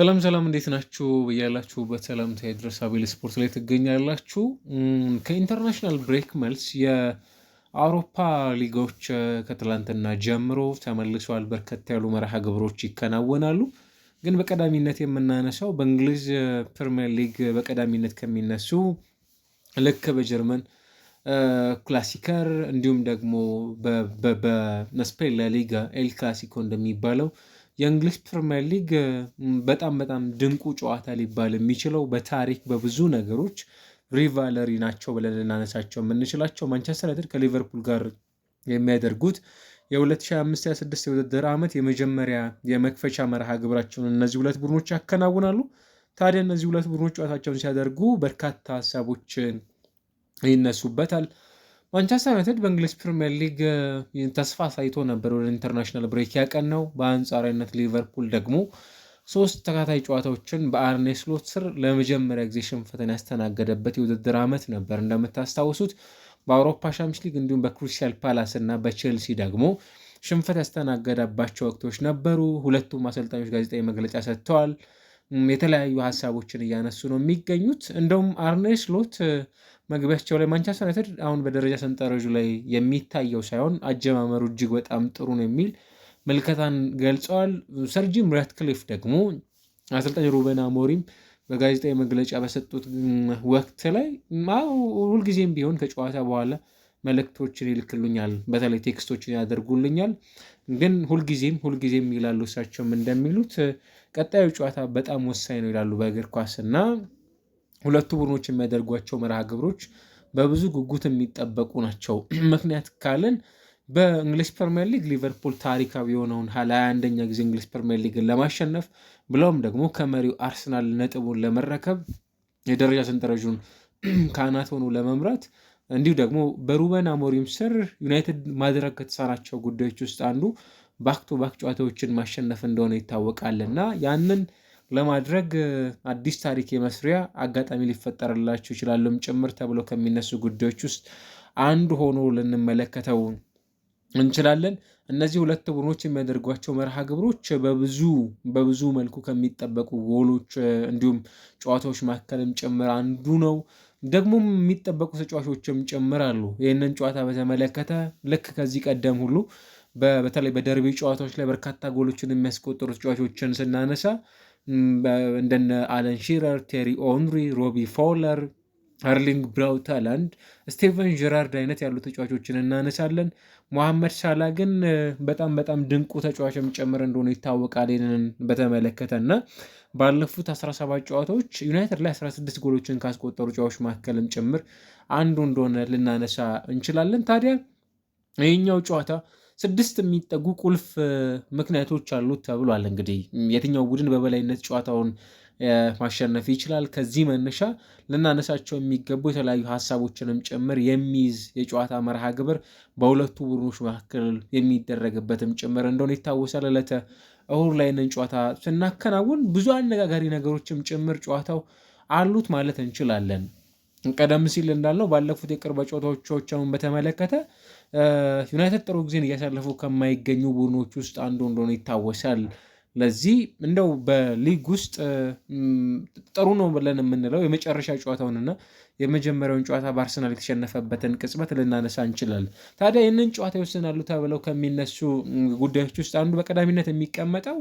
ሰላም ሰላም፣ እንዴት ናችሁ? ያላችሁበት ሰላምታ ይድረስ። አቤል ስፖርት ላይ ትገኛላችሁ። ከኢንተርናሽናል ብሬክ መልስ የአውሮፓ ሊጋዎች ከትላንትና ጀምሮ ተመልሰዋል። በርከት ያሉ መርሃ ግብሮች ይከናወናሉ። ግን በቀዳሚነት የምናነሳው በእንግሊዝ ፕሪምየር ሊግ በቀዳሚነት ከሚነሱ ልክ በጀርመን ክላሲከር እንዲሁም ደግሞ በስፔን ላሊጋ ኤል ክላሲኮ እንደሚባለው የእንግሊዝ ፕሪምየር ሊግ በጣም በጣም ድንቁ ጨዋታ ሊባል የሚችለው በታሪክ በብዙ ነገሮች ሪቫለሪ ናቸው ብለን ልናነሳቸው የምንችላቸው ማንቸስተር ዩናይትድ ከሊቨርፑል ጋር የሚያደርጉት የ2025/26 የውድድር ዓመት የመጀመሪያ የመክፈቻ መርሃ ግብራቸውን እነዚህ ሁለት ቡድኖች ያከናውናሉ። ታዲያ እነዚህ ሁለት ቡድኖች ጨዋታቸውን ሲያደርጉ በርካታ ሀሳቦችን ይነሱበታል። ማንቸስተር ዩናይትድ በእንግሊዝ ፕሪምየር ሊግ ተስፋ አሳይቶ ነበር ወደ ኢንተርናሽናል ብሬክ ያቀን ነው። በአንጻራዊነት ሊቨርፑል ደግሞ ሶስት ተካታይ ጨዋታዎችን በአርኔ ስሎት ስር ለመጀመሪያ ጊዜ ሽንፈትን ያስተናገደበት የውድድር ዓመት ነበር። እንደምታስታውሱት በአውሮፓ ሻምፒዮንስ ሊግ እንዲሁም በክሪስታል ፓላስ እና በቼልሲ ደግሞ ሽንፈት ያስተናገደባቸው ወቅቶች ነበሩ። ሁለቱም አሰልጣኞች ጋዜጣዊ መግለጫ ሰጥተዋል። የተለያዩ ሀሳቦችን እያነሱ ነው የሚገኙት። እንደውም አርኔ ስሎት መግቢያቸው ላይ ማንቸስተር ዩናይትድ አሁን በደረጃ ሰንጠረዡ ላይ የሚታየው ሳይሆን አጀማመሩ እጅግ በጣም ጥሩ ነው የሚል ምልከታን ገልጸዋል። ሰር ጂም ራትክሊፍ ደግሞ አሰልጣኝ ሩበን አሞሪም በጋዜጣዊ መግለጫ በሰጡት ወቅት ላይ ሁልጊዜም ቢሆን ከጨዋታ በኋላ መልእክቶችን ይልክሉኛል፣ በተለይ ቴክስቶችን ያደርጉልኛል። ግን ሁልጊዜም ሁልጊዜም ይላሉ እሳቸውም እንደሚሉት ቀጣዩ ጨዋታ በጣም ወሳኝ ነው ይላሉ በእግር ኳስ እና ሁለቱ ቡድኖች የሚያደርጓቸው መርሃ ግብሮች በብዙ ጉጉት የሚጠበቁ ናቸው። ምክንያት ካለን በእንግሊሽ ፕሪምየር ሊግ ሊቨርፑል ታሪካዊ የሆነውን ለ አንደኛ ኛ ጊዜ እንግሊሽ ፕሪምየር ሊግን ለማሸነፍ ብለውም ደግሞ ከመሪው አርሰናል ነጥቡን ለመረከብ የደረጃ ሰንጠረዡን ከአናት ሆኖ ለመምራት እንዲሁ ደግሞ በሩበን አሞሪም ስር ዩናይትድ ማድረግ ከተሳናቸው ጉዳዮች ውስጥ አንዱ ባክቶ ባክ ጨዋታዎችን ማሸነፍ እንደሆነ ይታወቃል እና ያንን ለማድረግ አዲስ ታሪክ የመስሪያ አጋጣሚ ሊፈጠርላቸው ይችላሉም ጭምር ተብሎ ከሚነሱ ጉዳዮች ውስጥ አንዱ ሆኖ ልንመለከተው እንችላለን። እነዚህ ሁለት ቡድኖች የሚያደርጓቸው መርሃ ግብሮች በብዙ በብዙ መልኩ ከሚጠበቁ ጎሎች እንዲሁም ጨዋታዎች መካከልም ጭምር አንዱ ነው። ደግሞም የሚጠበቁ ተጫዋቾችም ጭምር አሉ። ይህንን ጨዋታ በተመለከተ ልክ ከዚህ ቀደም ሁሉ በተለይ በደርቢ ጨዋታዎች ላይ በርካታ ጎሎችን የሚያስቆጠሩ ተጫዋቾችን ስናነሳ እንደነ አለን ሺረር፣ ቴሪ ኦንሪ፣ ሮቢ ፎውለር፣ አርሊንግ ብራውት ስቴቨን ጀራርድ አይነት ያሉ ተጫዋቾችን እናነሳለን። ሞሐመድ ሳላ ግን በጣም በጣም ድንቁ ተጫዋችም ጭምር እንደሆነ ይታወቃል። ይህንን በተመለከተ እና ባለፉት 17 ጨዋታዎች ዩናይትድ ላይ 16 ጎሎችን ካስቆጠሩ ጨዋቾች መካከልም ጭምር አንዱ እንደሆነ ልናነሳ እንችላለን። ታዲያ ይህኛው ጨዋታ ስድስት የሚጠጉ ቁልፍ ምክንያቶች አሉት ተብሏል። እንግዲህ የትኛው ቡድን በበላይነት ጨዋታውን ማሸነፍ ይችላል? ከዚህ መነሻ ልናነሳቸው የሚገቡ የተለያዩ ሀሳቦችንም ጭምር የሚይዝ የጨዋታ መርሃ ግብር በሁለቱ ቡድኖች መካከል የሚደረግበትም ጭምር እንደሆነ ይታወሳል። ዕለተ እሁድ ላይንን ጨዋታ ስናከናውን ብዙ አነጋጋሪ ነገሮችም ጭምር ጨዋታው አሉት ማለት እንችላለን። ቀደም ሲል እንዳለው ባለፉት የቅርብ ጨዋታዎቻቸውን በተመለከተ ዩናይትድ ጥሩ ጊዜን እያሳለፉ ከማይገኙ ቡድኖች ውስጥ አንዱ እንደሆነ ይታወሳል። ለዚህ እንደው በሊግ ውስጥ ጥሩ ነው ብለን የምንለው የመጨረሻ ጨዋታውንና የመጀመሪያውን ጨዋታ በአርሰናል የተሸነፈበትን ቅጽበት ልናነሳ እንችላለን። ታዲያ ይህንን ጨዋታ ይወስናሉ ተብለው ከሚነሱ ጉዳዮች ውስጥ አንዱ በቀዳሚነት የሚቀመጠው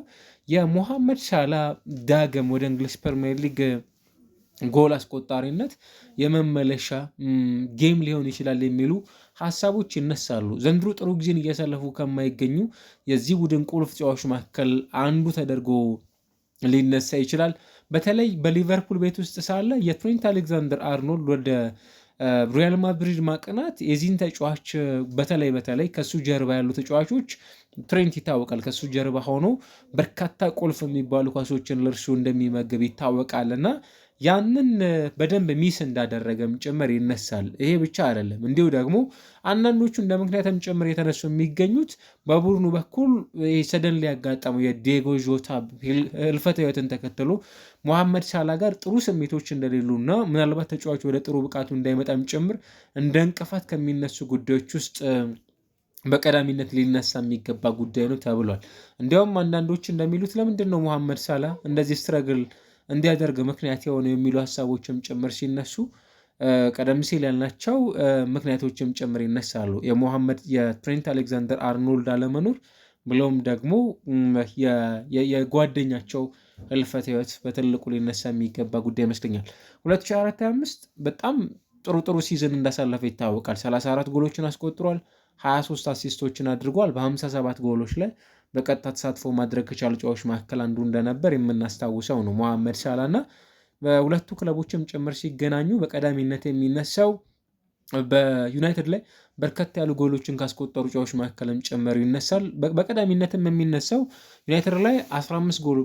የሞሐመድ ሳላ ዳግም ወደ እንግሊዝ ፕሪሚየር ሊግ ጎል አስቆጣሪነት የመመለሻ ጌም ሊሆን ይችላል የሚሉ ሀሳቦች ይነሳሉ። ዘንድሮ ጥሩ ጊዜን እያሳለፉ ከማይገኙ የዚህ ቡድን ቁልፍ ተጫዋቾች መካከል አንዱ ተደርጎ ሊነሳ ይችላል። በተለይ በሊቨርፑል ቤት ውስጥ ሳለ የትሬንት አሌክዛንደር አርኖልድ ወደ ሪያል ማድሪድ ማቅናት የዚህን ተጫዋች በተለይ በተለይ ከሱ ጀርባ ያሉ ተጫዋቾች ትሬንት ይታወቃል። ከሱ ጀርባ ሆኖ በርካታ ቁልፍ የሚባሉ ኳሶችን ለእርሱ እንደሚመግብ ይታወቃል እና ያንን በደንብ ሚስ እንዳደረገም ጭምር ይነሳል። ይሄ ብቻ አይደለም። እንዲሁ ደግሞ አንዳንዶቹ እንደ ምክንያትም ጭምር የተነሱ የሚገኙት በቡድኑ በኩል ሰደን ሊያጋጠመው የዲየጎ ዦታ ህልፈተ ህይወትን ተከትሎ መሐመድ ሳላ ጋር ጥሩ ስሜቶች እና ምናልባት ተጫዋቹ ወደ ጥሩ ብቃቱ እንዳይመጣም ጭምር እንደ እንቅፋት ከሚነሱ ጉዳዮች ውስጥ በቀዳሚነት ሊነሳ የሚገባ ጉዳይ ነው ተብሏል። እንዲያውም አንዳንዶች እንደሚሉት ለምንድን ነው መሐመድ ሳላ እንደዚህ ስትረግል እንዲያደርግ ምክንያት የሆነው የሚሉ ሀሳቦችም ጭምር ሲነሱ ቀደም ሲል ያልናቸው ምክንያቶችም ጭምር ይነሳሉ። የሞሐመድ የትሬንት አሌክዛንደር አርኖልድ አለመኖር ብሎም ደግሞ የጓደኛቸው ህልፈት ህይወት በትልቁ ሊነሳ የሚገባ ጉዳይ ይመስለኛል። 2024/25 በጣም ጥሩ ጥሩ ሲዝን እንዳሳለፈ ይታወቃል። 34 ጎሎችን አስቆጥሯል። 23 አሲስቶችን አድርጓል። በ57 ጎሎች ላይ በቀጥታ ተሳትፎ ማድረግ ከቻሉ ጨዋቾች መካከል አንዱ እንደነበር የምናስታውሰው ነው። መሐመድ ሳላ እና በሁለቱ ክለቦችም ጭምር ሲገናኙ በቀዳሚነት የሚነሳው በዩናይትድ ላይ በርከት ያሉ ጎሎችን ካስቆጠሩ ጨዋቾች መካከልም ጭምር ይነሳል። በቀዳሚነትም የሚነሳው ዩናይትድ ላይ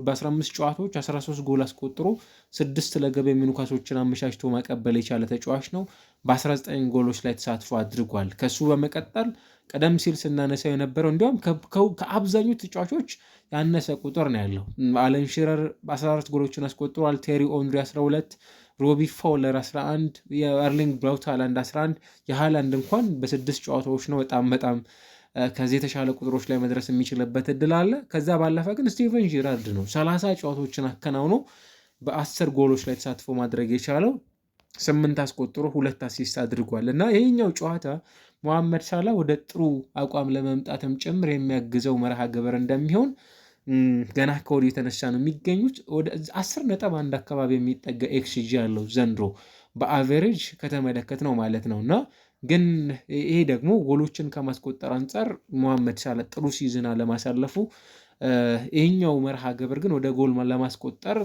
በ15 ጨዋታዎች 13 ጎል አስቆጥሮ ስድስት ለገብ የሚሆኑ ኳሶችን አመቻችቶ ማቀበል የቻለ ተጫዋች ነው። በ19 ጎሎች ላይ ተሳትፎ አድርጓል። ከሱ በመቀጠል ቀደም ሲል ስናነሳ የነበረው እንዲሁም ከአብዛኞቹ ተጫዋቾች ያነሰ ቁጥር ነው ያለው። አለን ሽረር 14 ጎሎችን አስቆጥሯል። ቴሪ ኦንሪ 12 ሮቢ ፋውለር 11 የአርሊንግ ብራውት ሃላንድ 11 የሃላንድ እንኳን በስድስት ጨዋታዎች ነው በጣም በጣም ከዚህ የተሻለ ቁጥሮች ላይ መድረስ የሚችልበት እድል አለ። ከዛ ባለፈ ግን ስቲቨን ጂራርድ ነው 30 ጨዋታዎችን አከናውኖ በአስር ጎሎች ላይ ተሳትፎ ማድረግ የቻለው ስምንት አስቆጥሮ ሁለት አሲስት አድርጓል እና ይህኛው ጨዋታ መሐመድ ሳላ ወደ ጥሩ አቋም ለመምጣትም ጭምር የሚያግዘው መርሃ ግብር እንደሚሆን ገና ከወዲሁ የተነሳ ነው የሚገኙት። ወደ አስር ነጥብ አንድ አካባቢ የሚጠጋ ኤክስጂ ያለው ዘንድሮ በአቨሬጅ ከተመለከት ነው ማለት ነው እና ግን ይሄ ደግሞ ጎሎችን ከማስቆጠር አንጻር መሐመድ ሳላህ ጥሩ ሲዝን አለማሳለፉ ይህኛው መርሃ ግብር ግን ወደ ጎል ለማስቆጠር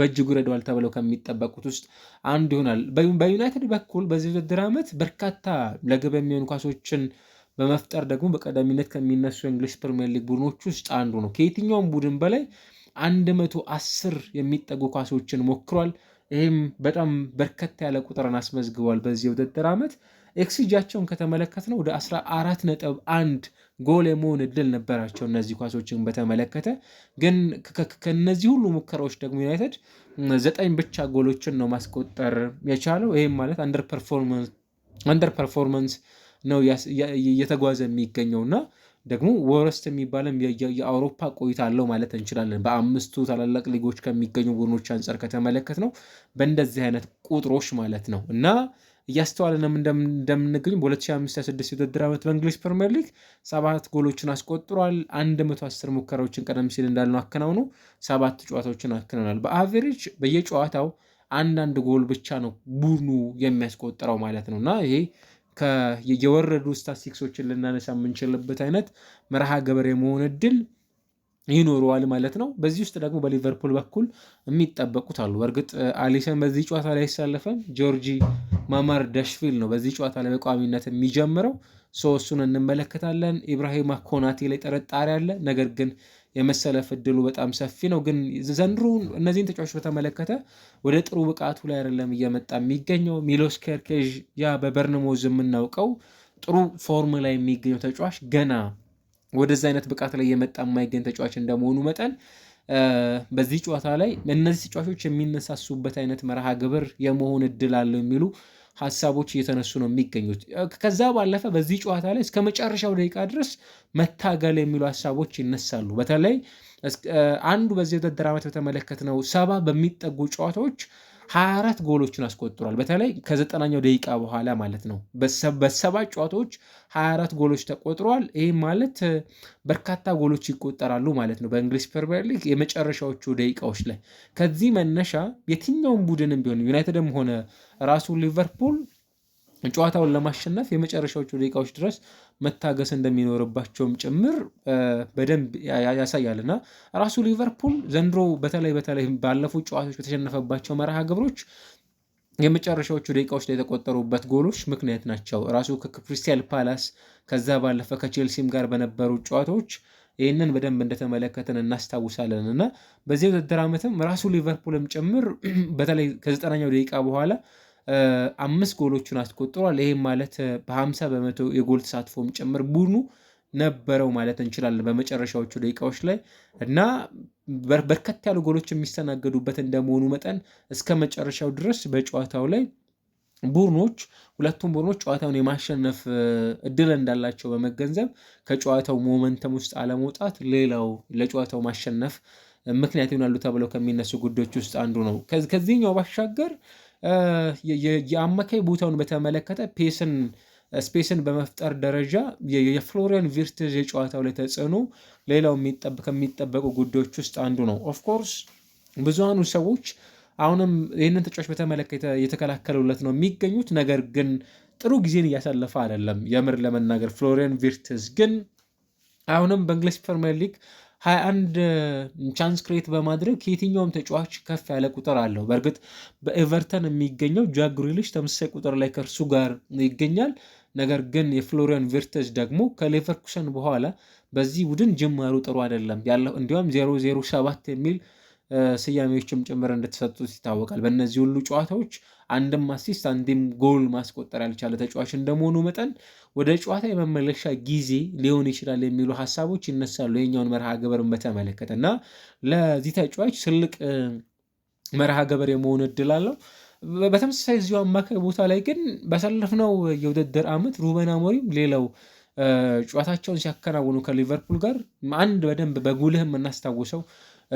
በእጅጉ ረደዋል ተብለው ከሚጠበቁት ውስጥ አንዱ ይሆናል። በዩናይትድ በኩል በዚህ ውድድር ዓመት በርካታ ለግብ የሚሆኑ ኳሶችን በመፍጠር ደግሞ በቀዳሚነት ከሚነሱ የእንግሊዝ ፕሪሚየር ሊግ ቡድኖች ውስጥ አንዱ ነው። ከየትኛውም ቡድን በላይ 110 የሚጠጉ ኳሶችን ሞክሯል። ይህም በጣም በርከት ያለ ቁጥርን አስመዝግቧል። በዚህ የውድድር ዓመት ኤክስጂያቸውን ከተመለከት ነው ወደ 14 ነጥብ አንድ ጎል የመሆን እድል ነበራቸው። እነዚህ ኳሶችን በተመለከተ ግን ከነዚህ ሁሉ ሙከራዎች ደግሞ ዩናይትድ ዘጠኝ ብቻ ጎሎችን ነው ማስቆጠር የቻለው። ይህም ማለት አንደር ፐርፎርማንስ ነው እየተጓዘ እና ደግሞ ወረስት የሚባለም የአውሮፓ ቆይታ አለው ማለት እንችላለን። በአምስቱ ታላላቅ ሊጎች ከሚገኙ ቡድኖች አንጻር ከተመለከት ነው በእንደዚህ አይነት ቁጥሮች ማለት ነው እና እያስተዋለንም እንደምንገኝ በ2005/06 የውድድር ዓመት በእንግሊዝ ፕሪምየር ሊግ ሰባት ጎሎችን አስቆጥሯል። 110 ሙከራዎችን ቀደም ሲል እንዳልነው አከናውኖ ሰባት ጨዋታዎችን አክነናል። በአቨሬጅ በየጨዋታው አንዳንድ ጎል ብቻ ነው ቡድኑ የሚያስቆጥረው ማለት ነው እና ይሄ የወረዱ ስታስቲክሶችን ልናነሳ የምንችልበት አይነት መርሃ ገበሬ የመሆን እድል ይኖረዋል ማለት ነው። በዚህ ውስጥ ደግሞ በሊቨርፑል በኩል የሚጠበቁት አሉ። በእርግጥ አሊሰን በዚህ ጨዋታ ላይ አይሳለፈም። ጆርጂ ማማር ደሽፊል ነው በዚህ ጨዋታ ላይ በቋሚነት የሚጀምረው። ሶ እሱን እንመለከታለን። ኢብራሂማ ኮናቴ ላይ ጠረጣሪ አለ ነገር ግን የመሰለፍ እድሉ በጣም ሰፊ ነው። ግን ዘንድሮ እነዚህን ተጫዋቾች በተመለከተ ወደ ጥሩ ብቃቱ ላይ አይደለም እየመጣ የሚገኘው። ሚሎስ ኬርኬዥ ያ በበርንሞዝ የምናውቀው ጥሩ ፎርም ላይ የሚገኘው ተጫዋች ገና ወደዚ አይነት ብቃት ላይ እየመጣ የማይገኝ ተጫዋች እንደመሆኑ መጠን በዚህ ጨዋታ ላይ እነዚህ ተጫዋቾች የሚነሳሱበት አይነት መርሃ ግብር የመሆን እድል አለው የሚሉ ሀሳቦች እየተነሱ ነው የሚገኙት። ከዛ ባለፈ በዚህ ጨዋታ ላይ እስከ መጨረሻው ደቂቃ ድረስ መታገል የሚሉ ሀሳቦች ይነሳሉ። በተለይ አንዱ በዚህ ውድድር ዓመት ነው ሰባ በሚጠጉ ጨዋታዎች 24 ጎሎችን አስቆጥሯል። በተለይ ከዘጠናኛው ደቂቃ በኋላ ማለት ነው። በሰባት ጨዋታዎች 24 ጎሎች ተቆጥሯል። ይህም ማለት በርካታ ጎሎች ይቆጠራሉ ማለት ነው በእንግሊዝ ፕሪሚየር ሊግ የመጨረሻዎቹ ደቂቃዎች ላይ። ከዚህ መነሻ የትኛውም ቡድንም ቢሆን ዩናይትድም ሆነ ራሱ ሊቨርፑል ጨዋታውን ለማሸነፍ የመጨረሻዎቹ ደቂቃዎች ድረስ መታገስ እንደሚኖርባቸውም ጭምር በደንብ ያሳያልና ራሱ ሊቨርፑል ዘንድሮ በተለይ በተለይ ባለፉት ጨዋታዎች በተሸነፈባቸው መርሃ ግብሮች የመጨረሻዎቹ ደቂቃዎች ላይ የተቆጠሩበት ጎሎች ምክንያት ናቸው። ራሱ ከክሪስታል ፓላስ ከዛ ባለፈ ከቼልሲም ጋር በነበሩ ጨዋታዎች ይህንን በደንብ እንደተመለከትን እናስታውሳለን እና በዚህ ውድድር ዓመትም ራሱ ሊቨርፑልም ጭምር በተለይ ከዘጠናኛው ደቂቃ በኋላ አምስት ጎሎቹን አስቆጥሯል። ይህም ማለት በ50 በመቶ የጎል ተሳትፎም ጭምር ቡድኑ ነበረው ማለት እንችላለን በመጨረሻዎቹ ደቂቃዎች ላይ እና በርከት ያሉ ጎሎች የሚስተናገዱበት እንደመሆኑ መጠን እስከ መጨረሻው ድረስ በጨዋታው ላይ ቡድኖች ሁለቱም ቡድኖች ጨዋታውን የማሸነፍ እድል እንዳላቸው በመገንዘብ ከጨዋታው ሞመንተም ውስጥ አለመውጣት ሌላው ለጨዋታው ማሸነፍ ምክንያት ይሆናሉ ተብለው ከሚነሱ ጉዳዮች ውስጥ አንዱ ነው። ከዚህኛው ባሻገር የአማካይ ቦታውን በተመለከተ ፔስን ስፔስን በመፍጠር ደረጃ የፍሎሪያን ቪርትዝ የጨዋታው ላይ ተጽዕኖ ሌላው ከሚጠበቁ ጉዳዮች ውስጥ አንዱ ነው። ኦፍኮርስ ብዙሃኑ ሰዎች አሁንም ይህንን ተጫዋች በተመለከተ የተከላከሉለት ነው የሚገኙት። ነገር ግን ጥሩ ጊዜን እያሳለፈ አይደለም። የምር ለመናገር ፍሎሪያን ቪርትዝ ግን አሁንም በእንግሊዝ ፕሪሚየር ሊግ 21 ቻንስ ክሬት በማድረግ ከየትኛውም ተጫዋች ከፍ ያለ ቁጥር አለው። በእርግጥ በኤቨርተን የሚገኘው ጃክ ግሪሊሽ ተመሳሳይ ቁጥር ላይ ከእርሱ ጋር ይገኛል። ነገር ግን የፍሎሪያን ቪርተዝ ደግሞ ከሌቨርኩሰን በኋላ በዚህ ቡድን ጅማሩ ጥሩ አይደለም ያለው እንዲሁም 007 የሚል ስያሜዎችም ጭምር እንደተሰጡት ይታወቃል። በእነዚህ ሁሉ ጨዋታዎች አንድም አሲስት አንድም ጎል ማስቆጠር ያልቻለ ተጫዋች እንደመሆኑ መጠን ወደ ጨዋታ የመመለሻ ጊዜ ሊሆን ይችላል የሚሉ ሀሳቦች ይነሳሉ። የኛውን መርሃ ግብርን በተመለከተ እና ለዚህ ተጫዋች ትልቅ መርሃ ግብር የመሆን እድል አለው። በተመሳሳይ እዚሁ አማካይ ቦታ ላይ ግን ባሳለፍነው የውድድር ዓመት ሩበን አሞሪም ሌላው ጨዋታቸውን ሲያከናውኑ ከሊቨርፑል ጋር አንድ በደንብ በጉልህ የምናስታውሰው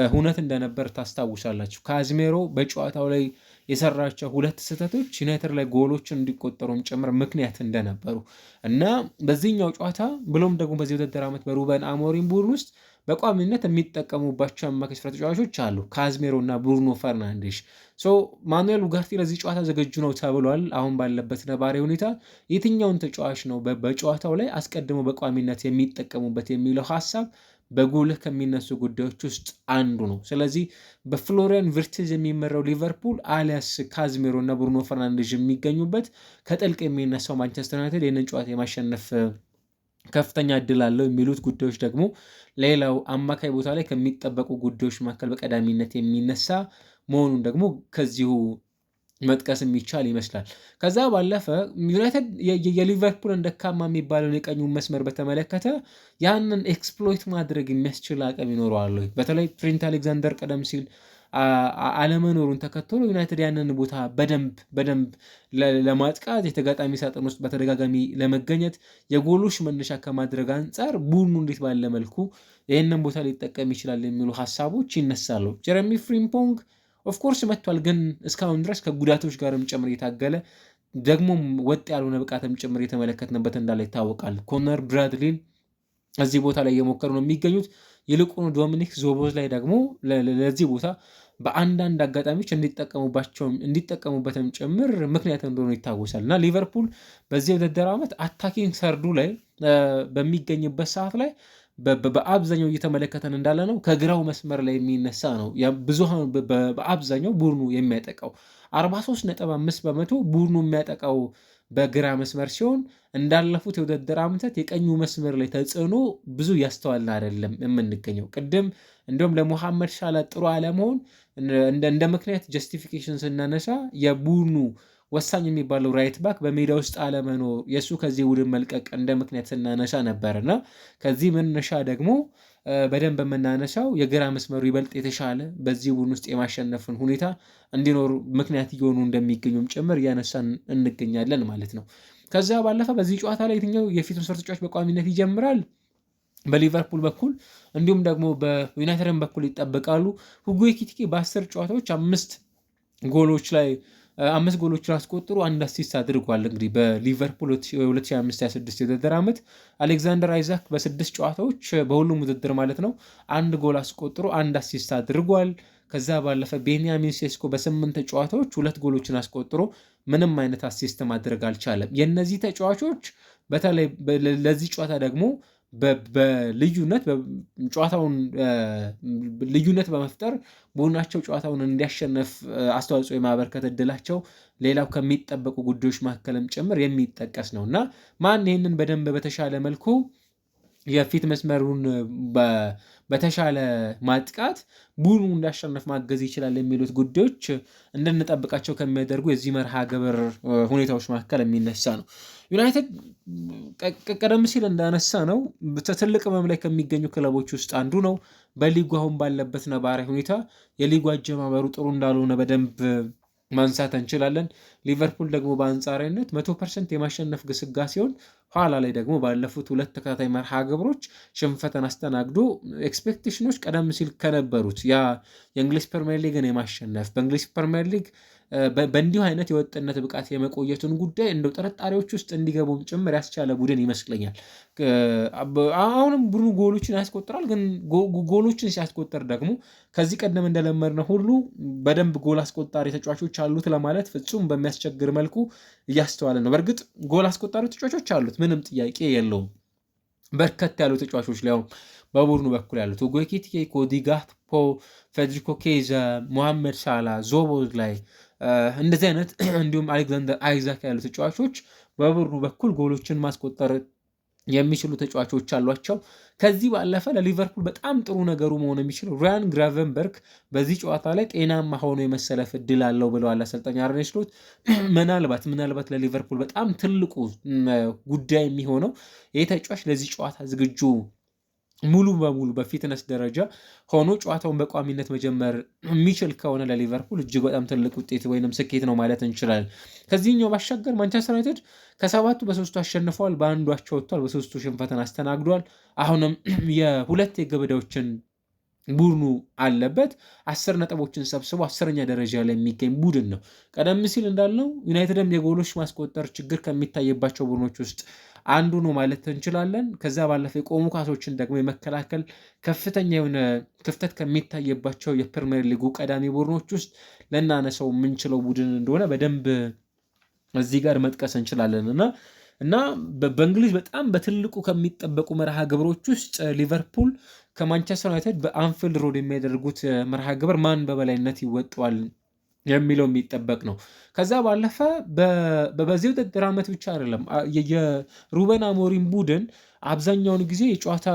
እውነት እንደነበር ታስታውሳላችሁ። ካዝሜሮ በጨዋታው ላይ የሰራቸው ሁለት ስህተቶች ዩናይትድ ላይ ጎሎችን እንዲቆጠሩም ጭምር ምክንያት እንደነበሩ እና በዚህኛው ጨዋታ ብሎም ደግሞ በዚህ ውድድር ዓመት በሩበን አሞሪም ቡድን ውስጥ በቋሚነት የሚጠቀሙባቸው አማካኝ ስፍራ ተጫዋቾች አሉ፣ ካዝሜሮ እና ብሩኖ ፈርናንዴሽ። ማኑኤል ኡጋርቴ ለዚህ ጨዋታ ዝግጁ ነው ተብሏል። አሁን ባለበት ነባሪ ሁኔታ የትኛውን ተጫዋች ነው በጨዋታው ላይ አስቀድሞ በቋሚነት የሚጠቀሙበት የሚለው ሀሳብ በጉልህ ከሚነሱ ጉዳዮች ውስጥ አንዱ ነው። ስለዚህ በፍሎሪያን ቪርትዝ የሚመራው ሊቨርፑል አሊያስ ካዝሜሮ እና ብሩኖ ፈርናንዴዥ የሚገኙበት ከጥልቅ የሚነሳው ማንቸስተር ዩናይትድ ይህንን ጨዋታ የማሸነፍ ከፍተኛ እድል አለው የሚሉት ጉዳዮች ደግሞ ሌላው አማካይ ቦታ ላይ ከሚጠበቁ ጉዳዮች መካከል በቀዳሚነት የሚነሳ መሆኑን ደግሞ ከዚሁ መጥቀስ የሚቻል ይመስላል። ከዛ ባለፈ ዩናይትድ የሊቨርፑልን ደካማ የሚባለውን የቀኙን መስመር በተመለከተ ያንን ኤክስፕሎይት ማድረግ የሚያስችል አቅም ይኖረዋል። በተለይ ትሬንት አሌክዛንደር ቀደም ሲል አለመኖሩን ተከትሎ ዩናይትድ ያንን ቦታ በደንብ በደንብ ለማጥቃት የተጋጣሚ ሳጥን ውስጥ በተደጋጋሚ ለመገኘት የጎሎች መነሻ ከማድረግ አንጻር ቡድኑ እንዴት ባለ መልኩ ይህንን ቦታ ሊጠቀም ይችላል የሚሉ ሀሳቦች ይነሳሉ። ጀረሚ ፍሪምፖንግ ኦፍኮርስ መጥቷል፣ ግን እስካሁን ድረስ ከጉዳቶች ጋርም ጭምር የታገለ ደግሞም ወጥ ያልሆነ ብቃትም ጭምር የተመለከትንበት እንዳለ ይታወቃል። ኮነር ብራድሊን እዚህ ቦታ ላይ እየሞከሩ ነው የሚገኙት። ይልቁኑ ዶሚኒክ ዞቦዝ ላይ ደግሞ ለዚህ ቦታ በአንዳንድ አጋጣሚዎች እንዲጠቀሙበትም ጭምር ምክንያት እንደሆኑ ይታወሳል እና ሊቨርፑል በዚህ ውድድር ዓመት አታኪንግ ሰርዱ ላይ በሚገኝበት ሰዓት ላይ በአብዛኛው እየተመለከተን እንዳለ ነው። ከግራው መስመር ላይ የሚነሳ ነው ብዙሃኑ በአብዛኛው ቡድኑ የሚያጠቃው 43.5 በመቶ ቡድኑ የሚያጠቃው በግራ መስመር ሲሆን እንዳለፉት የውድድር ዓመታት የቀኙ መስመር ላይ ተጽዕኖ ብዙ እያስተዋልን አይደለም የምንገኘው። ቅድም እንዲሁም ለሞሐመድ ሳላ ጥሩ አለመሆን እንደ ምክንያት ጀስቲፊኬሽን ስናነሳ የቡድኑ ወሳኝ የሚባለው ራይት ባክ በሜዳ ውስጥ አለመኖር የእሱ ከዚህ ቡድን መልቀቅ እንደ ምክንያት ስናነሳ ነበርና ከዚህ መነሻ ደግሞ በደንብ የምናነሳው የግራ መስመሩ ይበልጥ የተሻለ በዚህ ቡድን ውስጥ የማሸነፍን ሁኔታ እንዲኖሩ ምክንያት እየሆኑ እንደሚገኙም ጭምር እያነሳን እንገኛለን ማለት ነው። ከዚያ ባለፈ በዚህ ጨዋታ ላይ የትኛው የፊት መስመር ተጫዋች በቋሚነት ይጀምራል? በሊቨርፑል በኩል እንዲሁም ደግሞ በዩናይትድን በኩል ይጠበቃሉ። ሁጎ ኤኪቲኬ በአስር ጨዋታዎች አምስት ጎሎች ላይ አምስት ጎሎችን አስቆጥሮ አንድ አሲስት አድርጓል። እንግዲህ በሊቨርፑል 2526 26 የውድድር ዓመት አሌክዛንደር አይዛክ በስድስት ጨዋታዎች በሁሉም ውድድር ማለት ነው አንድ ጎል አስቆጥሮ አንድ አሲስት አድርጓል። ከዛ ባለፈ ቤንያሚን ሴስኮ በስምንት ጨዋታዎች ሁለት ጎሎችን አስቆጥሮ ምንም አይነት አሲስት ማድረግ አልቻለም። የእነዚህ ተጫዋቾች በተለይ ለዚህ ጨዋታ ደግሞ በልዩነት ጨዋታውን ልዩነት በመፍጠር ቡድናቸው ጨዋታውን እንዲያሸነፍ አስተዋጽኦ የማበርከት እድላቸው ሌላው ከሚጠበቁ ጉዳዮች መካከልም ጭምር የሚጠቀስ ነው እና ማን ይህንን በደንብ በተሻለ መልኩ የፊት መስመሩን በተሻለ ማጥቃት ቡድኑ እንዳሸነፍ ማገዝ ይችላል የሚሉት ጉዳዮች እንድንጠብቃቸው ከሚያደርጉ የዚህ መርሃ ግብር ሁኔታዎች መካከል የሚነሳ ነው። ዩናይትድ ቀደም ሲል እንዳነሳ ነው ትልቅ ሕመም ላይ ከሚገኙ ክለቦች ውስጥ አንዱ ነው። በሊጉ አሁን ባለበት ነባራዊ ሁኔታ የሊጉ አጀማመሩ ጥሩ እንዳልሆነ በደንብ ማንሳት እንችላለን። ሊቨርፑል ደግሞ በአንጻራዊነት መቶ ፐርሰንት የማሸነፍ ግስጋ ሲሆን ኋላ ላይ ደግሞ ባለፉት ሁለት ተከታታይ መርሃ ግብሮች ሽንፈትን አስተናግዶ ኤክስፔክቴሽኖች ቀደም ሲል ከነበሩት ያ የእንግሊዝ ፕሪሚየር ሊግን የማሸነፍ በእንግሊዝ ፕሪሚየር ሊግ በእንዲሁ አይነት የወጥነት ብቃት የመቆየቱን ጉዳይ እንደው ጥርጣሬዎች ውስጥ እንዲገቡም ጭምር ያስቻለ ቡድን ይመስለኛል። አሁንም ቡድኑ ጎሎችን ያስቆጥራል፣ ግን ጎሎችን ሲያስቆጠር ደግሞ ከዚህ ቀደም እንደለመድነው ሁሉ በደንብ ጎል አስቆጣሪ ተጫዋቾች አሉት ለማለት ፍጹም በሚያስቸግር መልኩ እያስተዋለ ነው። በእርግጥ ጎል አስቆጣሪ ተጫዋቾች አሉት፣ ምንም ጥያቄ የለውም። በርከት ያሉ ተጫዋቾች ላይ በቡድኑ በኩል ያሉት ጎኪቲኬኮ፣ ዲጋክፖ፣ ፌድሪኮ ኬዘ፣ ሞሐመድ ሳላ፣ ዞቦዝ ላይ እንደዚህ አይነት እንዲሁም አሌክዛንደር አይዛክ ያሉ ተጫዋቾች በቡድኑ በኩል ጎሎችን ማስቆጠር የሚችሉ ተጫዋቾች አሏቸው። ከዚህ ባለፈ ለሊቨርፑል በጣም ጥሩ ነገሩ መሆን የሚችል ሪያን ግራቨንበርግ በዚህ ጨዋታ ላይ ጤናማ ሆኖ የመሰለፍ እድል አለው ብለዋል አሰልጣኝ አርኔ ስሎት። ምናልባት ምናልባት ለሊቨርፑል በጣም ትልቁ ጉዳይ የሚሆነው ይህ ተጫዋች ለዚህ ጨዋታ ዝግጁ ሙሉ በሙሉ በፊትነስ ደረጃ ሆኖ ጨዋታውን በቋሚነት መጀመር የሚችል ከሆነ ለሊቨርፑል እጅግ በጣም ትልቅ ውጤት ወይም ስኬት ነው ማለት እንችላለን። ከዚህኛው ባሻገር ማንቸስተር ዩናይትድ ከሰባቱ በሶስቱ አሸንፈዋል፣ በአንዷቸው ወጥቷል፣ በሶስቱ ሽንፈትን አስተናግዷል። አሁንም የሁለት የግብ ዕዳዎችን ቡድኑ አለበት። አስር ነጥቦችን ሰብስቦ አስረኛ ደረጃ ላይ የሚገኝ ቡድን ነው። ቀደም ሲል እንዳልነው ዩናይትድም የጎሎች ማስቆጠር ችግር ከሚታይባቸው ቡድኖች ውስጥ አንዱ ነው ማለት እንችላለን። ከዛ ባለፈ የቆሙ ኳሶችን ደግሞ የመከላከል ከፍተኛ የሆነ ክፍተት ከሚታይባቸው የፕሪምየር ሊጉ ቀዳሚ ቡድኖች ውስጥ ልናነሳው የምንችለው ቡድን እንደሆነ በደንብ እዚህ ጋር መጥቀስ እንችላለን እና እና በእንግሊዝ በጣም በትልቁ ከሚጠበቁ መርሃ ግብሮች ውስጥ ሊቨርፑል ከማንቸስተር ዩናይትድ በአንፊልድ ሮድ የሚያደርጉት መርሃ ግብር ማን በበላይነት ይወጠዋል የሚለው የሚጠበቅ ነው። ከዛ ባለፈ በዚህ ውድድር ዓመት ብቻ አይደለም የሩበን አሞሪን ቡድን አብዛኛውን ጊዜ የጨዋታ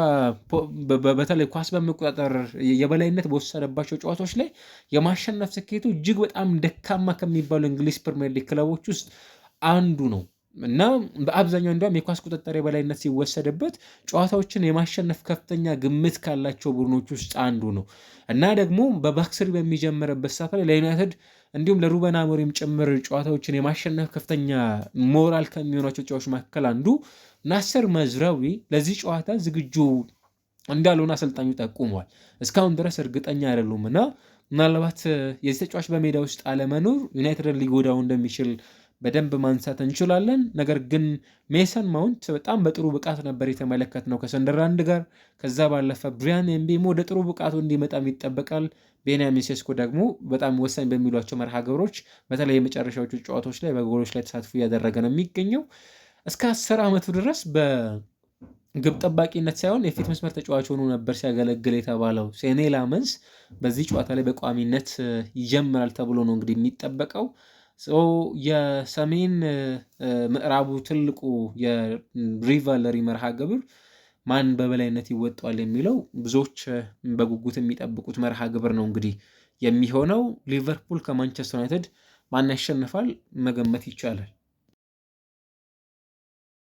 በተለይ ኳስ በመቆጣጠር የበላይነት በወሰደባቸው ጨዋታዎች ላይ የማሸነፍ ስኬቱ እጅግ በጣም ደካማ ከሚባሉ እንግሊዝ ፕሪሚየር ሊግ ክለቦች ውስጥ አንዱ ነው። እና በአብዛኛው እንዲያውም የኳስ ቁጥጥር የበላይነት ሲወሰድበት ጨዋታዎችን የማሸነፍ ከፍተኛ ግምት ካላቸው ቡድኖች ውስጥ አንዱ ነው እና ደግሞ በባክስሪ በሚጀምርበት ሰዓት ላይ ለዩናይትድ እንዲሁም ለሩበን አሞሪም ጭምር ጨዋታዎችን የማሸነፍ ከፍተኛ ሞራል ከሚሆናቸው ጨዋቾች መካከል አንዱ ናስር መዝራዊ ለዚህ ጨዋታ ዝግጁ እንዳልሆነ አሰልጣኙ ጠቁመዋል። እስካሁን ድረስ እርግጠኛ አይደሉም እና ምናልባት የዚህ ተጫዋች በሜዳ ውስጥ አለመኖር ዩናይትድን ሊጎዳው እንደሚችል በደንብ ማንሳት እንችላለን። ነገር ግን ሜሰን ማውንት በጣም በጥሩ ብቃት ነበር የተመለከት ነው ከሰንደርላንድ ጋር። ከዛ ባለፈ ብሪያን ኤምቤሞ ወደ ጥሩ ብቃቱ እንዲመጣም ይጠበቃል። ቤንያሚን ሴስኮ ደግሞ በጣም ወሳኝ በሚሏቸው መርሃ ግብሮች በተለይ የመጨረሻዎቹ ጨዋታዎች ላይ በጎሎች ላይ ተሳትፎ እያደረገ ነው የሚገኘው። እስከ አስር ዓመቱ ድረስ በግብ ጠባቂነት ሳይሆን የፊት መስመር ተጫዋች ሆኖ ነበር ሲያገለግል የተባለው ሴኔ ላመንስ በዚህ ጨዋታ ላይ በቋሚነት ይጀምራል ተብሎ ነው እንግዲህ የሚጠበቀው። የሰሜን ምዕራቡ ትልቁ የሪቫለሪ መርሃ ግብር ማን በበላይነት ይወጣዋል የሚለው ብዙዎች በጉጉት የሚጠብቁት መርሃ ግብር ነው። እንግዲህ የሚሆነው ሊቨርፑል ከማንቸስተር ዩናይትድ ማን ያሸንፋል መገመት ይቻላል።